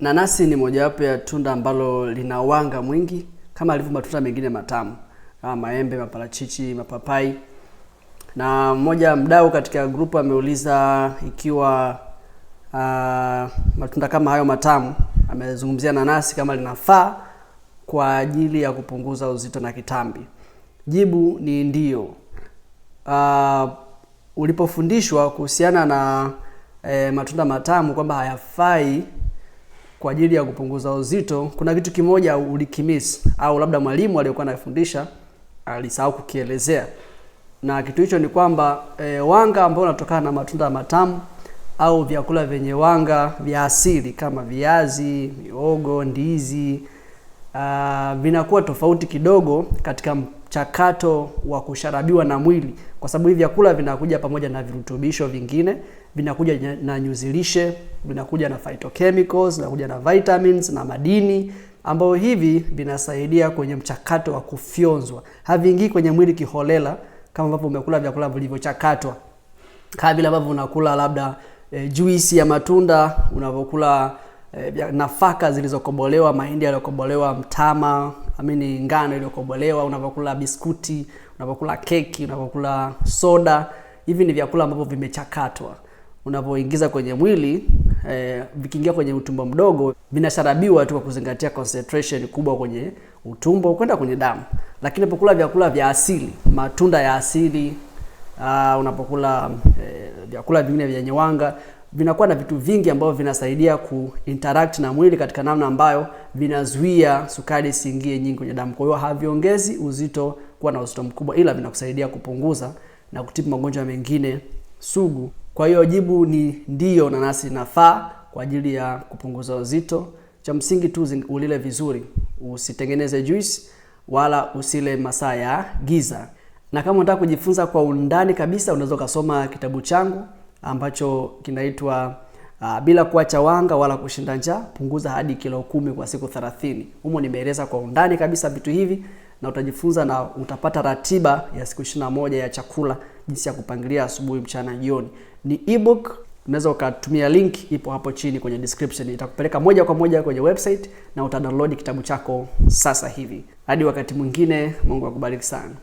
Nanasi ni mojawapo ya tunda ambalo lina wanga mwingi kama alivyo matunda mengine matamu kama maembe, maparachichi, mapapai. Na mmoja mdau katika grupu ameuliza ikiwa uh, matunda kama hayo matamu, amezungumzia nanasi kama linafaa kwa ajili ya kupunguza uzito na kitambi. Jibu ni ndio. Uh, ulipofundishwa kuhusiana na eh, matunda matamu kwamba hayafai kwa ajili ya kupunguza uzito, kuna kitu kimoja ulikimis au labda mwalimu aliyokuwa anafundisha alisahau kukielezea, na kitu hicho ni kwamba e, wanga ambao unatokana na matunda matamu au vyakula vyenye wanga vya asili kama viazi, miogo, ndizi Uh, vinakuwa tofauti kidogo katika mchakato wa kusharabiwa na mwili, kwa sababu hivi vyakula vinakuja pamoja na virutubisho vingine, vinakuja na nyuzilishe, vinakuja na phytochemicals, vinakuja na vitamins na madini ambayo hivi vinasaidia kwenye mchakato wa kufyonzwa. Haviingii kwenye mwili kiholela kama ambavyo umekula vyakula vilivyochakatwa, kama vile ambavyo unakula labda e, juisi ya matunda unavyokula e, nafaka zilizokobolewa, mahindi yaliyokobolewa, mtama amini, ngano iliyokobolewa, unavyokula biskuti, unavyokula keki, unavyokula soda. Hivi ni vyakula ambavyo vimechakatwa, unavyoingiza kwenye mwili e, vikiingia kwenye utumbo mdogo vinasharabiwa tu kwa kuzingatia concentration kubwa kwenye utumbo kwenda kwenye damu. Lakini unapokula vyakula vya asili, matunda ya asili, uh, unapokula eh, vyakula vingine vyenye wanga vinakuwa na vitu vingi ambavyo vinasaidia kuinteract na mwili katika namna ambayo vinazuia sukari isiingie nyingi kwenye damu. Kwa hiyo haviongezi uzito kuwa na uzito mkubwa, ila vinakusaidia kupunguza na kutibu magonjwa mengine sugu. Kwa hiyo jibu ni ndiyo, nanasi inafaa kwa ajili ya kupunguza uzito. Cha msingi tu ulile vizuri, usitengeneze juice wala usile masaa ya giza. Na kama unataka kujifunza kwa undani kabisa, unaweza ukasoma kitabu changu ambacho kinaitwa uh, bila kuacha wanga wala kushinda njaa, punguza hadi kilo kumi kwa siku 30. Humo nimeeleza kwa undani kabisa vitu hivi na utajifunza na utapata ratiba ya siku 21 ya chakula, jinsi ya kupangilia asubuhi, mchana, jioni. Ni ebook unaweza ukatumia link ipo hapo chini kwenye description, itakupeleka moja kwa moja kwenye website na utadownload kitabu chako sasa hivi. Hadi wakati mwingine, Mungu akubariki sana.